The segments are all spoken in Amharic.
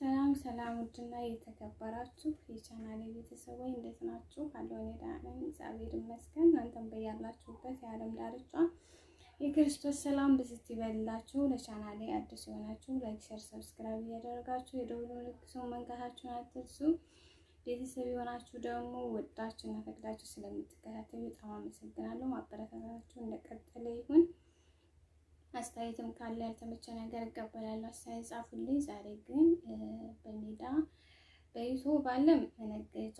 ሰላም ሰላም፣ ውድና የተከበራችሁ የቻናል ወይ እንዴት ናችሁ? አለሁ እኔ ደህና ነኝ፣ እግዚአብሔር ይመስገን። እናንተም በያላችሁበት የዓለም ዳርቻ የክርስቶስ ሰላም ብዝት ይበልላችሁ። ለቻናሌ አዲስ የሆናችሁ ላይክ፣ ሸር፣ ሰብስክራይብ እያደረጋችሁ የደወል ምልክቱን መንካታችሁን አትርሱ። ቤተሰብ የሆናችሁ ደግሞ ወዳችሁና ፈቅዳችሁ ስለምትከታተሉ በጣም አመሰግናለሁ። ማበረታታችሁ እንደቀጠለ ይሁን። አስተያየትም ካለ ያልተመቸ ነገር እቀበላለሁ። አስተያየት ጻፉልኝ። ዛሬ ግን በሜዳ በዩቱብ አለም መነገጃ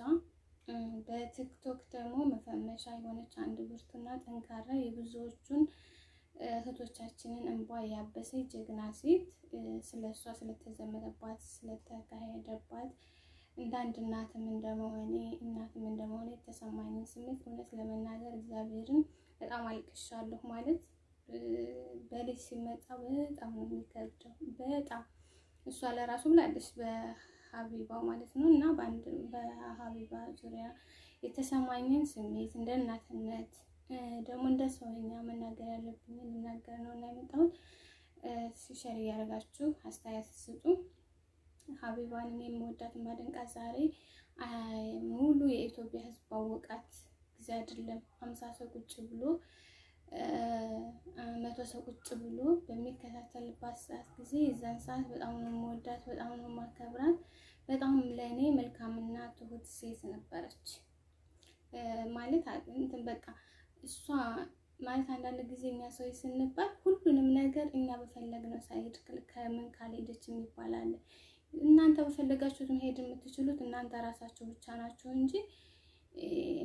በቲክቶክ ደግሞ መፈመሻ የሆነች አንድ ብርቱና ጠንካራ የብዙዎቹን እህቶቻችንን እንቧ ያበሰ ጀግና ሴት ስለ እሷ ስለተካሄደባት እንዳንድ እናትም እንደመሆኔ እናትም እንደመሆኔ የተሰማኝን ስሜት እውነት ለመናገር እግዚአብሔርን በጣም አልቅሻለሁ ማለት በልጅ ሲመጣ በጣም ነው የሚከብደው። በጣም እሷ ለራሱ ብላለች በሀቢባው ማለት ነው። እና በአንድ በሀቢባ ዙሪያ የተሰማኝን ስሜት እንደ እናትነት ደግሞ እንደ ሰውኛ መናገር ያለብኝ የምናገር ነው እና የመጣሁት ሲሸር እያደረጋችሁ አስተያየት ስጡ። ሀቢባን የምወዳት ማደንቃት ዛሬ ሙሉ የኢትዮጵያ ሕዝብ ባወቃት ጊዜ አይደለም። ሀምሳ ሰው ቁጭ ብሎ መቶ ሰው ቁጭ ብሎ በሚከታተልባት ሰዓት ጊዜ የዛን ሰዓት በጣም ነው የምወዳት፣ በጣም ነው የማከብራት። በጣም ለእኔ መልካምና ትሁት ሴት ነበረች ማለት እንትን በቃ እሷ ማለት አንዳንድ ጊዜ እኛ ሰው ስንባል ሁሉንም ነገር እኛ በፈለግነው ሳይሄድ ከምን ካልሄደች የሚባል አለ። እናንተ በፈለጋችሁት መሄድ የምትችሉት እናንተ ራሳችሁ ብቻ ናችሁ እንጂ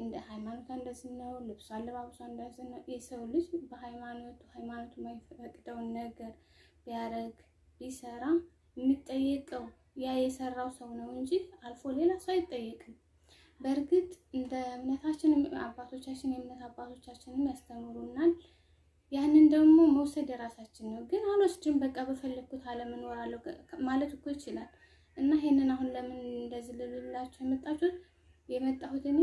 እንደ ሃይማኖቷ እንደዚህ ነው፣ ልብሷ አለባብሷ እንደዚህ ነው። የሰው ልጅ በሃይማኖቱ ሃይማኖቱ የማይፈቅደውን ነገር ቢያደርግ ቢሰራ የሚጠየቀው ያ የሰራው ሰው ነው እንጂ አልፎ ሌላ ሰው አይጠየቅም። በእርግጥ እንደ እምነታችን አባቶቻችን የእምነት አባቶቻችንም ያስተምሩናል። ያንን ደግሞ መውሰድ የራሳችን ነው። ግን አልወስድም በቃ በፈለግኩት አለመኖራለሁ ማለት እኮ ይችላል። እና ይሄንን አሁን ለምን እንደዚህ ልልላቸው የመጣችሁት የመጣሁት እኔ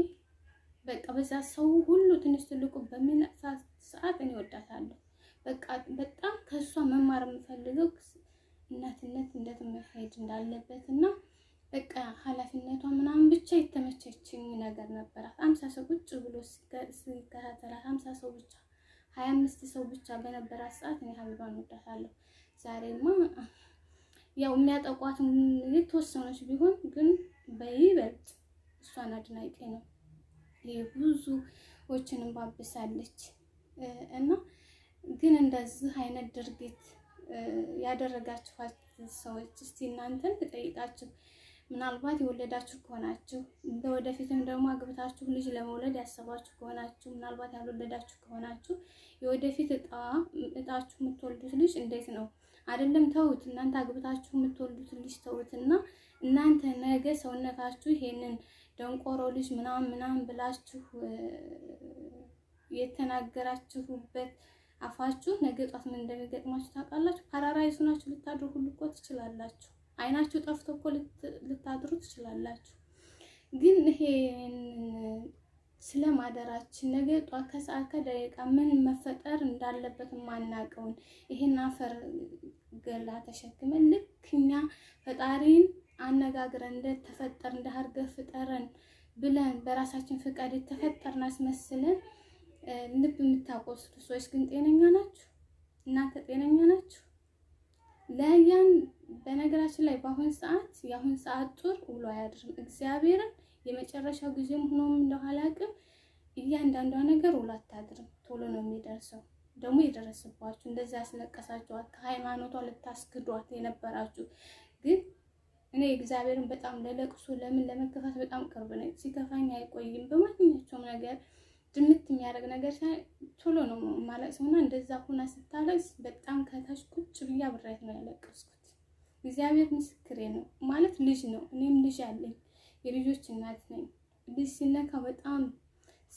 በቃ በዛ ሰው ሁሉ ትንሽ ትልቁ በሚል ሰዓት እኔ ወዳታለሁ። በቃ በጣም ከእሷ መማር የምፈልገው እናትነት እንደት መሄድ እንዳለበት እና በቃ ኃላፊነቷ ምናምን ብቻ የተመቸችኝ ነገር ነበራት። ሀምሳ ሰው ቁጭ ብሎ ሲከታተላት ሀምሳ ሰው ብቻ ሀያ አምስት ሰው ብቻ በነበራት ሰዓት እኔ ሀቢባን ወዳታለሁ። ዛሬማ ያው የሚያጠቋት የተወሰነች ቢሆን ግን በይበልጥ እሷን አድናቂ ነው። ብዙዎችንም ባብሳለች እና ግን እንደዚህ አይነት ድርጊት ያደረጋችኋት ሰዎች እስቲ እናንተን ተጠይቃችሁ ምናልባት የወለዳችሁ ከሆናችሁ ወደፊትም ደግሞ አግብታችሁ ልጅ ለመውለድ ያሰባችሁ ከሆናችሁ ምናልባት ያልወለዳችሁ ከሆናችሁ የወደፊት እጣ እጣችሁ የምትወልዱት ልጅ እንዴት ነው? አይደለም ተውት፣ እናንተ አግብታችሁ የምትወልዱት ልጅ ተውትና እናንተ ነገ ሰውነታችሁ ይሄንን ደንቆሮ ልጅ ምናምን ምናምን ብላችሁ የተናገራችሁበት አፋችሁ ነገ ጧት ምን እንደሚገጥማችሁ ታውቃላችሁ። ፓራራይዝ ሆናችሁ ልታድሩ ሁሉ እኮ ትችላላችሁ። አይናችሁ ጠፍቶ እኮ ልታድሩ ትችላላችሁ። ግን ይሄን ስለማደራችን ነገ ጧት ከሰዓት ከደቂቃ ምን መፈጠር እንዳለበት ማናቀውን ይሄን አፈር ገላ ተሸክመን ልክ እኛ ፈጣሪን አነጋግረን እንደተፈጠር እንደ ሀርገ ፍጠረን ብለን በራሳችን ፍቃድ የተፈጠርን አስመስለን ልብ የምታቆስሉ ሰዎች ግን ጤነኛ ናችሁ? እናንተ ጤነኛ ናችሁ? ለያን በነገራችን ላይ በአሁን ሰዓት የአሁን ሰዓት ጡር ውሎ አያድርም። እግዚአብሔርን የመጨረሻው ጊዜም ሆኖም እንደኋላ አቅም እያንዳንዷ ነገር ውሎ አታድርም። ቶሎ ነው የሚደርሰው። ደግሞ የደረሰባችሁ እንደዚህ ያስለቀሳችኋት ከሃይማኖቷ ልታስክዷት የነበራችሁ ግን እኔ እግዚአብሔርን በጣም ለለቅሶ ለምን ለመከፋት በጣም ቅርብ ነኝ። ሲከፋኝ አይቆይም። በማንኛቸውም ነገር ድምት የሚያደርግ ነገር ቶሎ ነው ማለቅ ሰውና እንደዛ ሆና ስታለቅስ በጣም ከታች ቁጭ ብዬ አብሬያት ነው ያለቀስኩት። እግዚአብሔር ምስክሬ ነው። ማለት ልጅ ነው። እኔም ልጅ አለኝ። የልጆች እናት ነኝ። ልጅ ሲነካ በጣም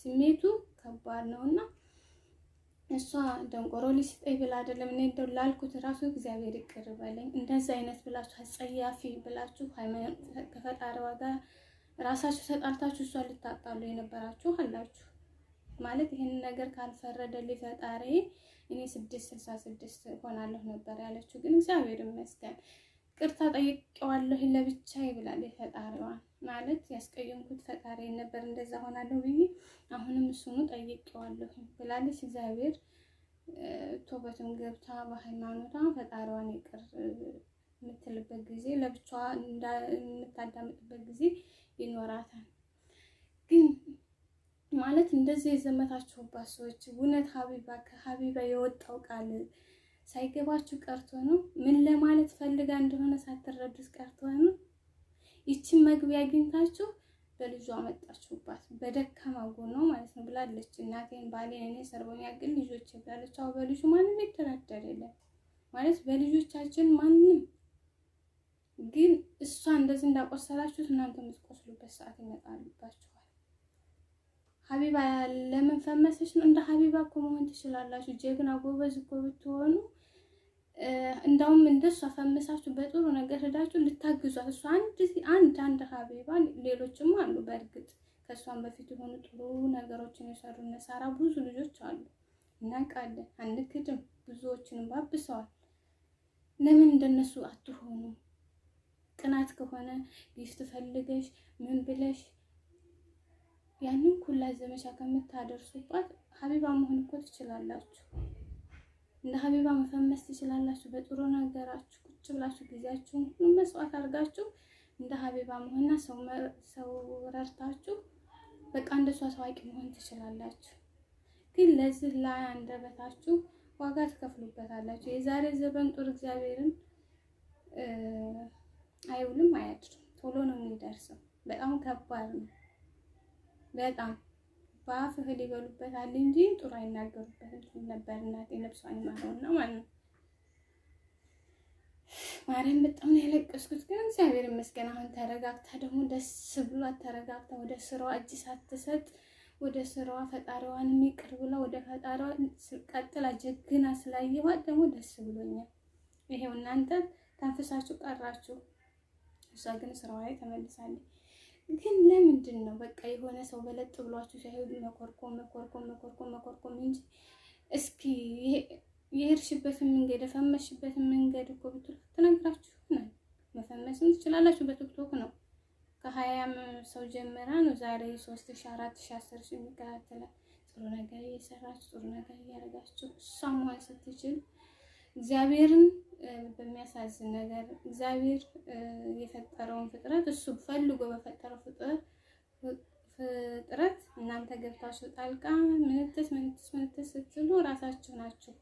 ስሜቱ ከባድ ነው እና እሷ ደንቆሮ ሊስጠኝ ብላ አይደለም። እኔ እንደው ላልኩት ራሱ እግዚአብሔር ይቅር በለኝ። እንደዚህ አይነት ብላችሁ አጸያፊ ብላችሁ ከፈጣሪዋ ጋር ራሳችሁ ተጣልታችሁ እሷ ልታጣሉ የነበራችሁ አላችሁ ማለት ይህንን ነገር ካልፈረደልኝ ፈጣሪ እኔ ስድስት ስልሳ ስድስት ሆናለሁ ነበር ያለችው። ግን እግዚአብሔር ይመስገን ቅርታ ጠይቄዋለሁ ለብቻዬ ብላለች ፈጣሪዋን ማለት ያስቀየምኩት ፈጣሪ ነበር እንደዛ ሆናለሁ ብዬ አሁንም እሱኑ ጠይቄዋለሁ ብላለች። እግዚአብሔር ቶበትም ገብታ በሃይማኖቷ ፈጣሪዋን ይቅር የምትልበት ጊዜ ለብቻዋ የምታዳምጥበት ጊዜ ይኖራታል። ግን ማለት እንደዚህ የዘመታችሁባት ሰዎች እውነት ሀቢባ ከሀቢባ የወጣው ቃል ሳይገባችሁ ቀርቶ ነው? ምን ለማለት ፈልጋ እንደሆነ ሳትረዱት ቀርቶ ነው? ይችን መግቢያ አግኝታችሁ በልጇ አመጣችሁባት በደካማ ጎኗ ማለት ነው ብላለች። እናቴን ባሌን እኔ ሰርቦኛል ግን ልጆች ብላለች። አሁ በልጁ ማንም ይደራደር የለም ማለት በልጆቻችን ማንም ግን እሷ እንደዚህ እንዳቆሰላችሁት እናንተ የምትቆስሉበት ሰዓት ይመጣልባችኋል። ሀቢባ ለምን ፈመሰች ነው? እንደ ሀቢባ እኮ መሆን ትችላላችሁ። ጀግና ጎበዝ እኮ ብትሆኑ እንዳውም እንደሱ አፈምሳችሁ በጥሩ ነገር ሄዳችሁ ልታግዟት። እሱ አንድ አንድ አንድ ሀቢባ ሌሎችም አሉ። በእርግጥ ከእሷን በፊት የሆኑ ጥሩ ነገሮችን የሰሩ ነሳራ ብዙ ልጆች አሉ፣ እናቃለን፣ አንክድም። ብዙዎችንም ባብሰዋል። ለምን እንደነሱ አትሆኑ? ቅናት ከሆነ ጊፍት ፈልገሽ ምን ብለሽ ያንን ኩላ ዘመቻ ከምታደርሱባት ሀቢባ መሆን እኮ ትችላላችሁ። እንደ ሀቢባ መፈመስ ትችላላችሁ። በጥሩ ነገራችሁ ቁጭ ብላችሁ ጊዜያችሁን ሁሉ መስዋዕት አድርጋችሁ እንደ ሀቢባ መሆንና ሰው ረርታችሁ በቃ እንደሷ ታዋቂ መሆን ትችላላችሁ። ግን ለዚህ ላይ አንደበታችሁ ዋጋ ትከፍሉበታላችሁ። የዛሬ ዘበን ጦር እግዚአብሔርን አይውልም አያድርም። ቶሎ ነው የሚደርሰው። በጣም ከባድ ነው። በጣም በአፍ እህል ይበሉበታል እንጂ ጥሩ አይናገሩበትም ነበር። እናቴ ነብሷን ነው ማለት ነው። ማርያም በጣም ነው ያለቀስኩት። ግን እግዚአብሔር ይመስገን አሁን ተረጋግታ ደግሞ ደስ ብሏት ተረጋግታ ወደ ስራዋ እጅ ሳትሰጥ ወደ ስራዋ ፈጣሪዋን ይቅር ብላ ወደ ፈጣሪዋ ቀጥላ ጀግና ስላየኋት ደግሞ ደስ ብሎኛል። ይሄው እናንተ ተንፍሳችሁ ቀራችሁ፣ እሷ ግን ስራዋ ላይ ተመልሳለች። ግን ለምንድን ነው በቃ የሆነ ሰው በለጥ ብሏችሁ ሳይሆን መኮርኮም መኮርኮም መኮርኮም መኮርኮም እንጂ እስኪ የሄድሽበትን መንገድ የፈመሽበትን መንገድ እኮ ብትል ትነግራችሁ ነው። መፈመስም ትችላላችሁ። በቲክቶክ ነው ከሀያም ሰው ጀመራ ነው ዛሬ ሶስት ሺ አራት ሺ አስር ሺ የሚከታተላል። ጥሩ ነገር እየሰራችሁ ጥሩ ነገር እያደረጋችሁ እሷ መሆን ስትችል እግዚአብሔርን በሚያሳዝን ነገር እግዚአብሔር የፈጠረውን ፍጥረት እሱ ፈልጎ በፈጠረው ፍጥረት ፍጥረት እናንተ ገብታችሁ ጣልቃ ምንትስ ምንትስ ምንትስ ስትሉ ራሳችሁ ናችሁ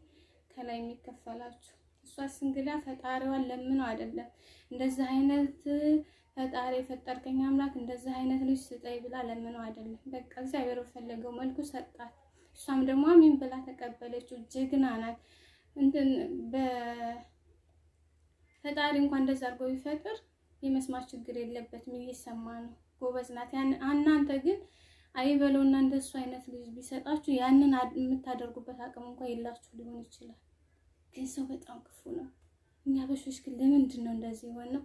ከላይ የሚከፈላችሁ። እሷስ እንግዳ ፈጣሪዋን ለምነው አይደለም እንደዚህ አይነት ፈጣሪ የፈጠርከኝ አምላክ እንደዚህ አይነት ልጅ ስጠይ ብላ ለምነው አይደለም። በቃ እግዚአብሔር በፈለገው መልኩ ሰጣት። እሷም ደግሞ አሚን ብላ ተቀበለችው። ጀግና ናት። እንትን በፈጣሪ እንኳን እንደዛ አድርጎ ቢፈጥር የመስማት ችግር የለበትም፣ እየሰማ ነው፣ ጎበዝ ናት። እናንተ ግን አይበለውና እንደሱ አይነት ልጅ ቢሰጣችሁ ያንን የምታደርጉበት አቅም እንኳን የላችሁ ሊሆን ይችላል። ግን ሰው በጣም ክፉ ነው። እኛ በሾች ግን ለምንድን ነው እንደዚህ የሆነው?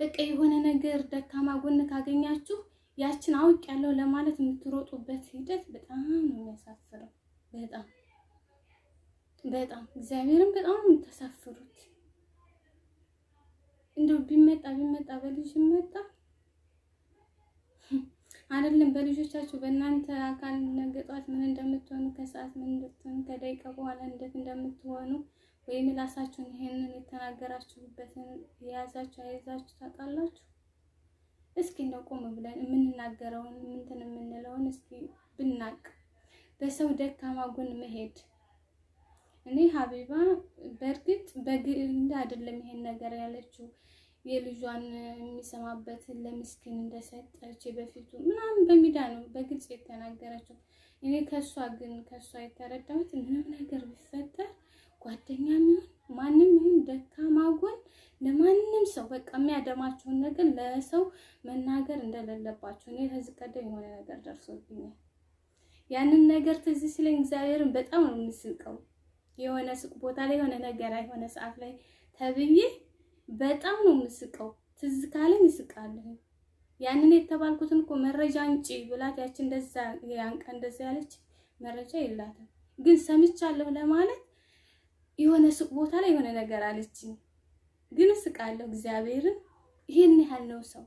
በቃ የሆነ ነገር ደካማ ጎን ካገኛችሁ ያችን አውቅ ያለው ለማለት የምትሮጡበት ሂደት በጣም ነው የሚያሳፍረው በጣም በጣም እግዚአብሔርን በጣም የምታሳፍሩት። እንደው ቢመጣ ቢመጣ በልጅ ይመጣ አይደለም በልጆቻችሁ በእናንተ አካል ነገጧት ምን እንደምትሆኑ ከሰዓት ምን እንደምትሆኑ ከደቂቃ በኋላ እንዴት እንደምትሆኑ ወይም ራሳችሁን ይሄንን የተናገራችሁበትን የያዛችሁ አይዛችሁ ታውቃላችሁ። እስኪ እንደው ቆም ብለን የምንናገረውን ምንትን የምንለውን እስኪ ብናቅ በሰው ደካማ ጎን መሄድ እኔ ሀቢባ በእርግጥ በግንድ አይደለም ይሄን ነገር ያለችው የልጇን የሚሰማበትን ለምስኪን እንደሰጠች በፊቱ ምናምን በሚዳ ነው በግልጽ የተናገረችው። እኔ ከእሷ ግን ከእሷ የተረዳሁት ምንም ነገር ቢፈጠር ጓደኛ ሚሆን ማንም ይሁን ደካማ ጎን ለማንም ሰው በቃ የሚያደማቸውን ነገር ለሰው መናገር እንደሌለባቸው እኔ ከዚህ ቀደም የሆነ ነገር ደርሶብኛል። ያንን ነገር ትዝ ሲለኝ እግዚአብሔርን በጣም ነው የምስልቀው። የሆነ ሱቅ ቦታ ላይ የሆነ ነገር የሆነ ሰዓት ላይ ተብዬ በጣም ነው የምስቀው። ትዝ ካለኝ እስቃለሁ። ያንን የተባልኩትን እኮ መረጃ አንጪ ብላት ያቺ እንደዛ ያንቀ እንደዛ ያለች መረጃ የላትም፣ ግን ሰምቻለሁ ለማለት የሆነ ሱቅ ቦታ ላይ የሆነ ነገር አለችኝ፣ ግን እስቃለሁ። እግዚአብሔርን ይሄን ያህል ነው ሰው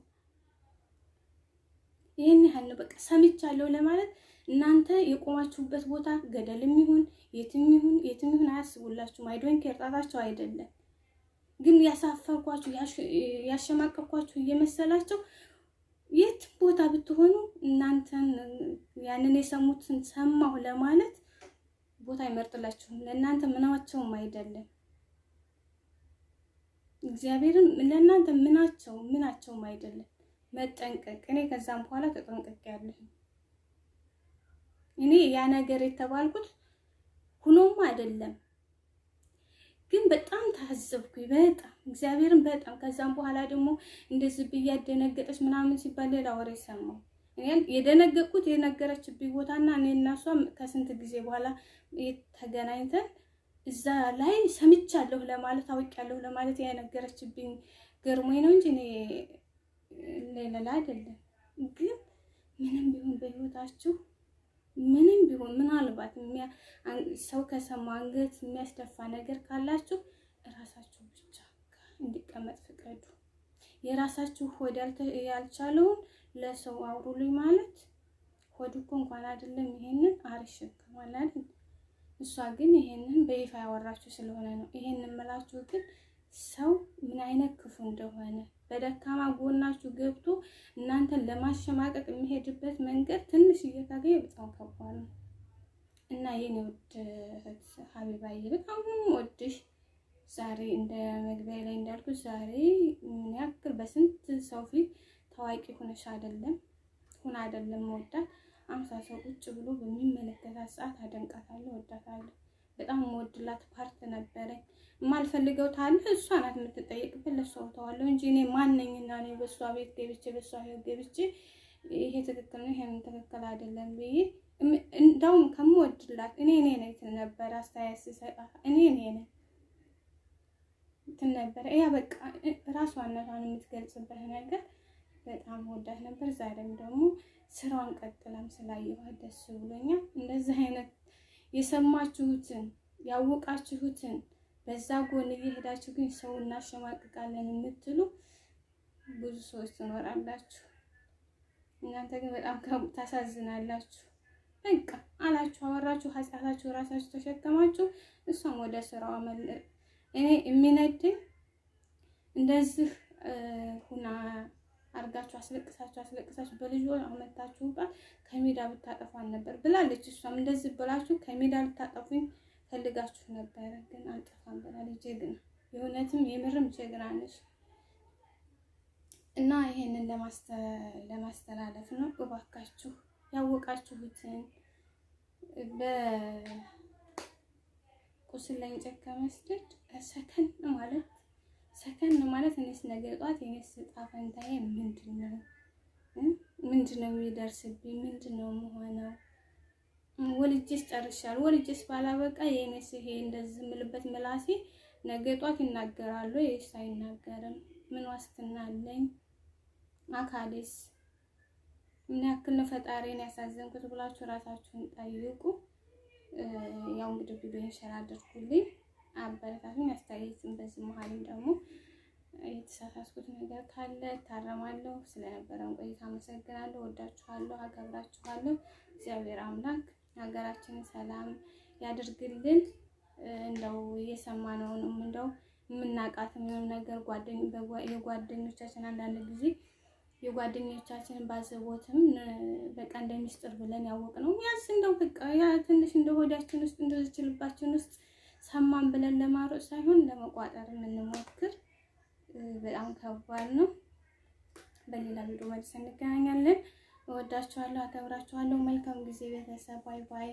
ይሄን ያህል ነው በቃ ሰምቻለሁ ለማለት እናንተ የቆማችሁበት ቦታ ገደልም ይሁን የትም ይሁን የትም ይሁን አያስቡላችሁም። አይዶን ኬር አይደለም ግን ያሳፈርኳችሁ ያሸማቀኳችሁ እየመሰላቸው የት ቦታ ብትሆኑ እናንተን ያንን የሰሙትን ሰማሁ ለማለት ቦታ አይመርጥላችሁም። ለእናንተ ምናቸውም አይደለም። እግዚአብሔርም ለእናንተ ምናቸው ምናቸውም አይደለም። መጠንቀቅ እኔ ከዛም በኋላ ተጠንቀቅ ያለሁ እኔ ያ ነገር የተባልኩት ሁኖም አይደለም ግን በጣም ታዘብኩኝ። በጣም እግዚአብሔርን በጣም ከዛም በኋላ ደግሞ እንደዚህ ብያ ደነገጠች ምናምን ሲባል ሌላ ወሬ ሰማሁ። የደነገጥኩት የነገረችብኝ ቦታና እኔ እና እሷ ከስንት ጊዜ በኋላ ተገናኝተን እዛ ላይ ሰምቻለሁ ለማለት አውቄያለሁ ለማለት የነገረችብኝ ገርሞኝ ነው እንጂ እኔ ሌላ አይደለም። ግን ምንም ቢሆን በህይወታችሁ ምንም ቢሆን ምናልባት ሰው ከሰማ አንገት የሚያስደፋ ነገር ካላችሁ እራሳችሁ ብቻ እንዲቀመጥ ፍቀዱ። የራሳችሁ ሆድ ያልቻለውን ለሰው አውሩልኝ ማለት ሆድ እኮ እንኳን አይደለም ይሄንን አሪፍ አይደል? እሷ ግን ይሄንን በይፋ ያወራችሁ ስለሆነ ነው። ይሄንን ምላችሁ ግን ሰው ምን አይነት ክፉ እንደሆነ በደካማ ጎናችሁ ገብቶ እናንተን ለማሸማቀቅ የሚሄድበት መንገድ ትንሽ እየታገኘ በጣም ከባድ ነው እና የኔ ውድ እህት ሀቢባዬ በጣም ወድሽ ዛሬ እንደ መግቢያ ላይ እንዳልኩ ዛሬ ምን ያክል በስንት ሰው ፊት ታዋቂ ሆነሽ አይደለም ሆነ አይደለም መወዳት አምሳ ሰው ቁጭ ብሎ በሚመለከታት ሰዓት አደንቃታለሁ፣ ወዳታለሁ። በጣም የምወድላት ፓርት ነበረኝ። የማልፈልገው ታለ እሷ ናት የምትጠየቅብን፣ ለእሷ ተዋለሁ እንጂ እኔ ማነኝና እኔ በእሷ ቤት ገብቼ በእሷ ህይወት ገብቼ ይሄ ትክክል ነው ይሄም ትክክል አይደለም ብዬ እንደውም ከምወድላት እኔ እኔ ነኝ ትል ነበረ። አስተያየት ሲሰጣት እኔ እኔ ነኝ ትል ነበረ። ያ በቃ ራሷነቷን የምትገልጽበት ነገር በጣም ወዳት ነበር። ዛሬም ደግሞ ስራዋን ቀጥላም ስላየኋት ደስ ብሎኛል። እንደዚህ አይነት የሰማችሁትን ያወቃችሁትን በዛ ጎን እየሄዳችሁ ግን ሰው እናሸማቅቃለን የምትሉ ብዙ ሰዎች ትኖራላችሁ። እናንተ ግን በጣም ታሳዝናላችሁ። በቃ አላችሁ፣ አወራችሁ፣ ኃጢአታችሁ ራሳችሁ ተሸከማችሁ። እሷም ወደ ስራዋ መለስ። እኔ የሚነድኝ እንደዚህ ሁና አርጋችሁ አስለቅሳችሁ አስለቅሳችሁ በልጅ አመታችሁባት ከሜዳ ብታጠፏን ነበር ብላለች። እሷም እንደዚህ ብላችሁ ከሜዳ ብታጠፉኝ ፈልጋችሁ ነበረ፣ ግን አልጠፋም ብላለች። ጀግና የእውነትም የምርም ጀግና ነች እና ይሄንን ለማስተላለፍ ነው። እባካችሁ ያወቃችሁትን በቁስል ላይ እንጨት ከመስደድ ሰከን ማለት ሰከን ማለት እኔስ ነገ ጧት የኔስ ዕጣ ፈንታዬ ምንድን ነው? ምንድን ነው የሚደርስብኝ? ምንድን ነው የምሆነው? ወልጄስ ጨርሻለሁ። ወልጄስ ባላበቃ የኔስ ይሄ እንደዚህ የምልበት ምላሴ ነገ ጧት ይናገራሉ ይስ አይናገርም? ምን ዋስትና አለኝ? አካሌስ ምን ያክል ነው ፈጣሪን ያሳዘንኩት ብላችሁ ራሳችሁን ጠይቁ። ያው እንግዲህ ቪዲዮን ሼር አድርጉልኝ። አበረታቱኝ። አስተያየትን በዚህ መሀልም ደግሞ የተሳሳትኩት ነገር ካለ ታረማለሁ። ስለነበረን ቆይታ አመሰግናለሁ። ወዳችኋለሁ፣ አከብራችኋለሁ። እግዚአብሔር አምላክ ሀገራችንን ሰላም ያድርግልን። እንደው የሰማነውንም እንደው የምናውቃትም የሆነ ነገር የጓደኞቻችን አንዳንድ ጊዜ የጓደኞቻችንን ባዘቦትም በቃ እንደሚስጥር ብለን ያወቅ ነው ያስ እንደው በቃ ያ ትንሽ እንደ ሆዳችን ውስጥ እንደ ችልባችን ውስጥ ሰማን ብለን ለማሮጥ ሳይሆን ለመቋጠር የምንሞክር በጣም ከባድ ነው። በሌላ ቪዲዮ መልስ እንገናኛለን። እወዳችኋለሁ፣ አከብራችኋለሁ። መልካም ጊዜ ቤተሰብ። ባይ ባይ።